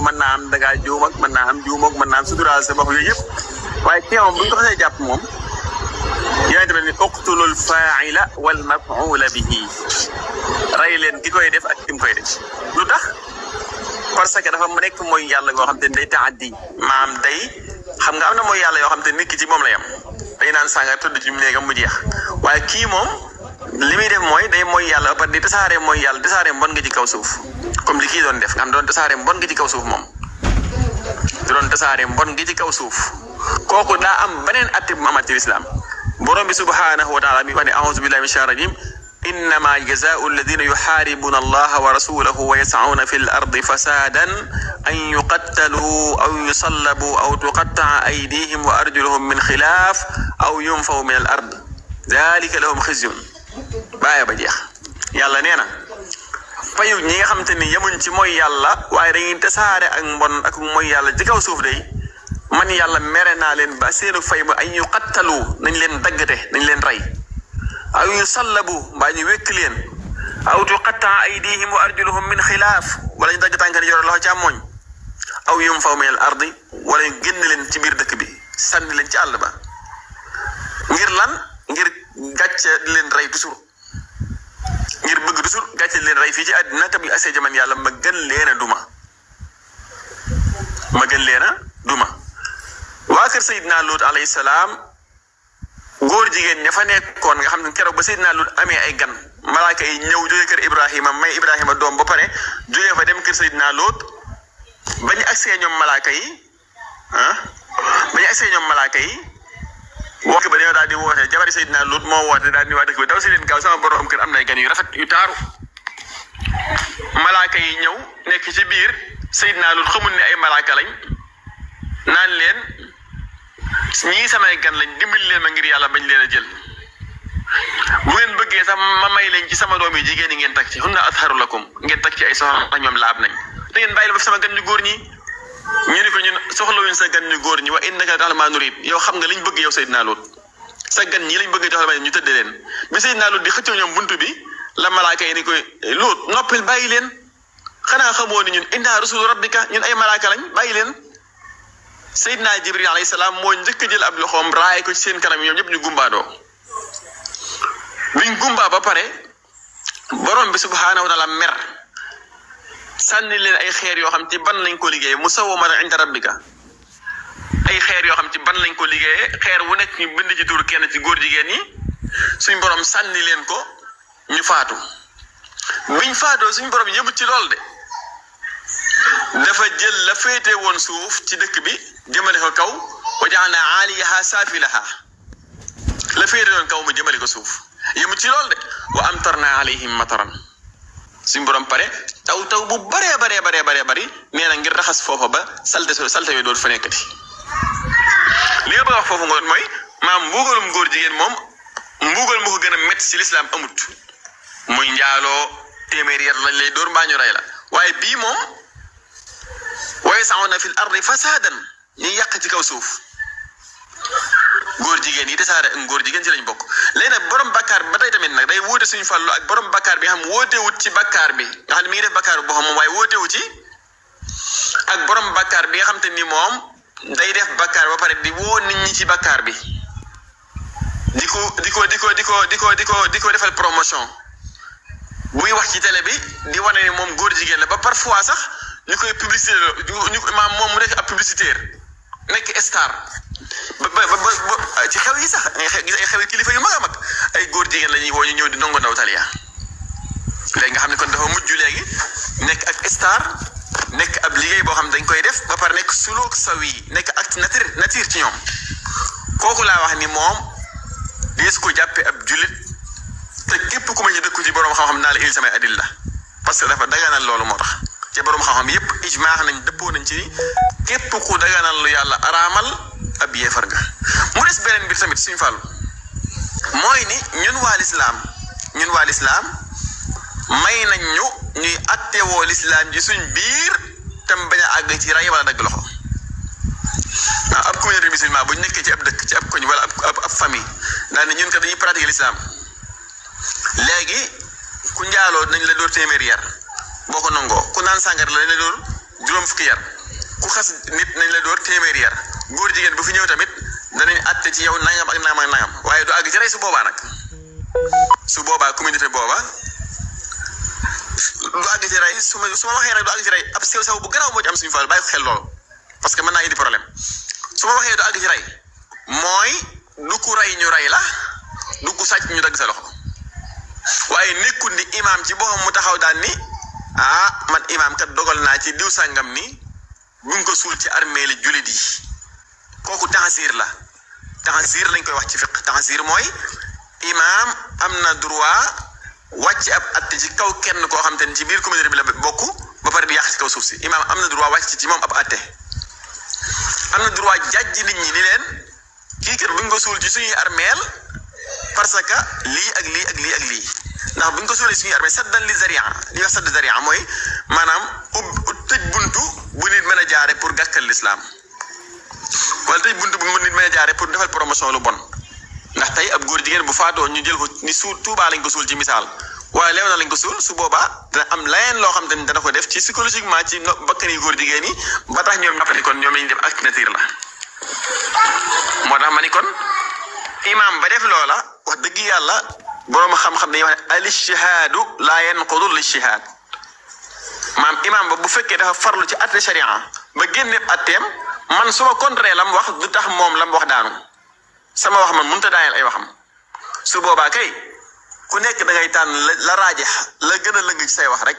ko mën naa am dangaa juum ak mën naa am juum ak mën naa am suturaal sa bopp yooyu waaye kii moom bu ñu ko xasee jàpp moom yonente bi ni uqtulul faaila wal mafuula bihi rey leen ki koy def ak mu koy def lu tax parce nekk mooy yàlla yoo xam te ne day taaddi maam day xam nga am na mooy yàlla yoo xam te nit ki ci moom la yam day naan sànga tudd jeex li muy def mooy day mooy yàlla par di tasaare mooy yàlla tasaare mbon nga ci kaw suuf comme li kii doon def nga xam doon tasaare mbon nga ci kaw suuf moom doon tasaare mbon nga ci kaw suuf kooku daa am beneen atte bu mu amat ci lislaam borom bi subhaanahu wa taala mi wax ne auzu billahi min shaytaani rajim innama jazaau alladina yuxaaribuna allaha wa rasulahu wa yasauuna fi l ardi fasaadan an yuqattalu aw yusallabu aw tuqattaa aydihim wa arjuluhum min xilaaf aw yunfaw min al ard dalika lahum xizyun bàyyi ba jeex yàlla nee na payu ñi nga xamante ni yamuñ ci mooy yàlla waaye dañuy tasaare ak mbon ak mooy yàlla ci kaw suuf de man yàlla mere naa leen ba seenu fay ba ay ñu xattalu nañ leen daggate nañ leen rey aw yu sallabu mbaa ñu wekk leen aw tu xattaa aydihim wa arjuluhum min xilaaf wala ñu dagg tànkan yore loxo càmmoñ aw yum faw min al ardi wala ñu génn leen ci biir dëkk bi sànni leen ci àll ba ngir lan ngir gàcce leen rey toujours ngir bëgg toujours leen rey fii ci àddina te bu asee jaman yàlla ma gën leen a duma ma gën leen duma waa kër Seydina Luut alayhi salaam góor jigéen ña fa nekkoon nga xam ne keroog ba Seydina Luut amee ay gan malaaka yi ñëw jógee kër Ibrahima may Ibrahima doom ba pare jógee fa dem kër Seydina Luut ba ñu agsee ñoom yi ah ba ñoom malaaka yi woote ba dañoo daal di woote jabari Seydina Lut moo woote daal di waa dëkk bi daw si gaaw sama borom kër am nay gan yu rafet yu taaru malaaka yi ñëw nekk ci biir naa Lut xamul ne ay malaaka lañ naan leen ñii samay gan lañ dimbali leen ma ngir yàlla bañ leen a jël bu ngeen bëggee sax ma may leen ci sama doom yi jigéen yi ngeen takk ci hunna atharu lakum ngeen takk ci ay soxna ñoom laab nañ da ngeen bàyyi la ba sama gan ñu ni ko ñun soxlawuñ sa gan ñu góor ñi wa innaka ta'lamu ma nurid yow xam nga liñ bëgg yow Seydina Lut sa gan ñi lañ bëgg jox la ñu tëddee leen bi Seydina Lut di xëccoo ñoom buntu bi la malaaka yi ni ko Lut noppil bàyyi leen xanaa xamoo ni ñun inna rusulu rabbika ñun ay malaaka lañ bàyyi leen Seydina Jibril alayhi salaam moo njëkk a jël ab loxoom raay ko ci seen kanam ñoom ñëpp ñu gumbaadoo biñ gumbaa ba pare borom bi subhaanahu wa taala mer sànni leen ay xeer yoo xam ci ban lañ ko liggéeyee musawwamatan inda rabbika ay xeer yoo xam ci ban lañ ko liggéeyee xeer bu nekk ñu bind ci tur kenn ci góor jigéen ñi suñ boroom sànni leen ko ñu faatu buñ faatoo suñ borom yëmut ci lool de dafa jël la féete woon suuf ci dëkk bi jëmale ko kaw wa jaana aaliyaha saafilaha la féete woon kaw mu jëmale ko suuf yëmut ci lool de wa amtarna alayhim mataran suñu borom pare taw taw bu baree baree baree baree bëri nee na ngir raxas foofa ba salte salte yooyu dool fa nekkati li nga foofu ngoon mooy maam mbuugalum góor jigéen moom mbuugal mu gën a métti si lislaam amut muy njaaloo téeméeri yar lañ lay door mbaa ñu rey la waaye bii moom waaye saxoon na fil ardi fasaadan ñuy yàq ci kaw suuf góor jigéen yi tasaare ngóor jigéen ci lañu bokk léegi nag borom bakkaar bi ba tey tamit nag day wóote suñu fàllu ak borom bakkaar bi nga xam wóotewut ci bakkaar bi nga xam ne mi ngi def bakkaar boo xam moom waaye wóotewu ci ak borom bakkaar bi nga xam te ni moom day def bakkaar ba pare di woo nit ñi ci bakkaar bi di ko di ko di ko di ko di ko di ko di ko defal promotion buy wax ci télé bi di wane moom góor jigéen la ba parfois sax ñu koy publicité ñu maam moom mu nekk ab publicitaire ba ba ba ah, ci xew yi sax ay xew kilifa yu mag a mag ay góor jigéen la ñuy woo ñu ñëw di ndongo ndaw taliya léegi nga xam ne kon dafa mujj léegi nekk ak star nekk ab liggéey boo xam ne dañ koy def ba pare nekk suluk saw yi nekk ak nature nature ci ñoom kooku laa wax ni moom diis ko jàppee ab jullit te képp ku ma ñu dëkku ci borom xam-xam naa la il samay adil la parce que dafa daganal loolu moo tax ci borom xam-xam yépp ijmaax nañ dëppoo nañ ci képp ku daganal lu yàlla araamal. ab yéefar nga mu des beneen mbir tamit suñu fàllu mooy ni ñun waa lislaam ñun waa may nañ ñu ñuy attewoo lislaam ji suñ biir tam bañ a àgg ci rey wala dagg loxo waaw ah, ab communauté musulman nekkee ci ab dëkk ci ab koñ wala ab ab famille daal ne ñun kat dañuy lislaam léegi ku njaaloo nañ la dóor téeméeri yar boo ko nangoo ku naan sàngar la nañ la dóor juróom fukki yar ku xas nit nañ la dóor téeméeri yar góor jigéen bu fi ñëw tamit danañ àtte ci yow nangam ak nangam ak nangam waaye du àgg ci rey su boobaa nag su boobaa communauté booba du àgg ci su ma su ma waxee nag du àgg bu garaaw moo am suñu faal bàyyi xel loolu parce que mën naa indi problème su ma waxee du àgg ci rey mooy du ku rey ñu rey la du ku sàcc ñu dagg sa loxo waaye nekkul ni imaam ci boppam mu taxaw daan ni ah man imaam kat dogal naa ci diw sàngam ni buñ ko suul ci armée li jullit yi. kooku taxasiir la taxasiir lañ koy wax ci fiq taxasiir mooy imaam am na droit wàcc ab atte ci kaw kenn koo xam te ne ci biir communauté bi la bokk ba pare di yàq ci kaw suuf si imaam am na droit wàcc ci moom ab atte am na droit jàjj nit ñi ni leen kii kër bu ko suul ci suñuy armeel parce que lii ak lii ak lii ak lii ndax buñ ko suulee suñuy armeel saddan li zaria li wax sadd zaria mooy maanaam ub tëj buntu bu nit mën a jaare pour gàkkal lislaam wala tey bunt bu mu nit mën a jaaree pour defal promotion lu bon ndax tey ab góor jigéen bu faatoo ñu jël ko ni suul tuubaa lañ ko suul ci misaal waaye leew na lañ ko suul su boobaa dana am leneen loo xam te ni dana ko def ci psychologiquement ci bakkani góor jigéen yi ba tax ñoom ñoo kon ñoom la ñuy def acte nature la moo tax ma ni kon imaam ba def loola wax dëgg yàlla borom xam-xam dañuy wax ne al istihaadu laa yanqudu l istihaad maam imaam ba bu fekkee dafa farlu ci atte sharia ba génne atteem man su ma lam wax lu tax moom lam wax daanu sama wax man mënut a daaneel ay waxam su boobaa kay ku nekk da ngay tànn la raajax la gën a lëng ci say wax rek.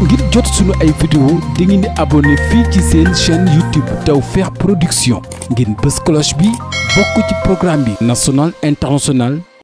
ngir jot sunu ay vidéo di ngeen di abonné fii ci seen chaîne YouTube Tawfekh Production ngeen bës cloche bi bokk ci programme bi national international.